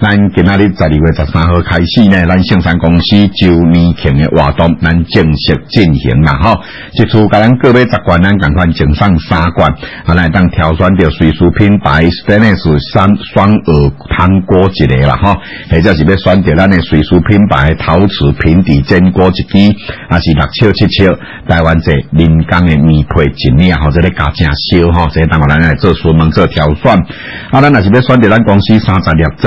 咱今仔日十二月十三號開始呢，咱聖山公司周年慶嘅活動，咱正式進行啦！吼，即次個咱各位十罐，咱趕快整上三罐，啊來當挑選着水蘇品牌 stainless 雙耳湯鍋一個啦！吼，或者是要選擇咱嘅水蘇品牌陶瓷平底煎鍋一支，還是六七七七，台灣這人工嘅米胚一料，或者咧加正燒吼，即當我咱來做入門做挑選，啊，咱那是要選擇咱公司三十兩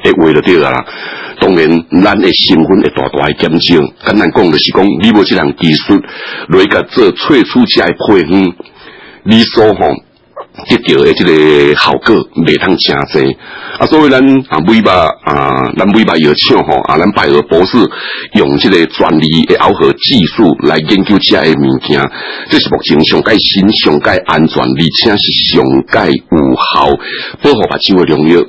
誒，話就對啦。當然，咱嘅身份會大大減少。簡單講就是講，你無即樣技術來甲做萃取嘅配方，你所吼得到嘅即個效果未通真儕。啊，所以咱啊，美巴啊，咱美巴藥廠吼，啊，咱拜爾博士用即個專利嘅螯合技術來研究即個物件，這是目前上蓋新、上蓋安全，而且是上蓋有效，保護目睭嘅榮譽。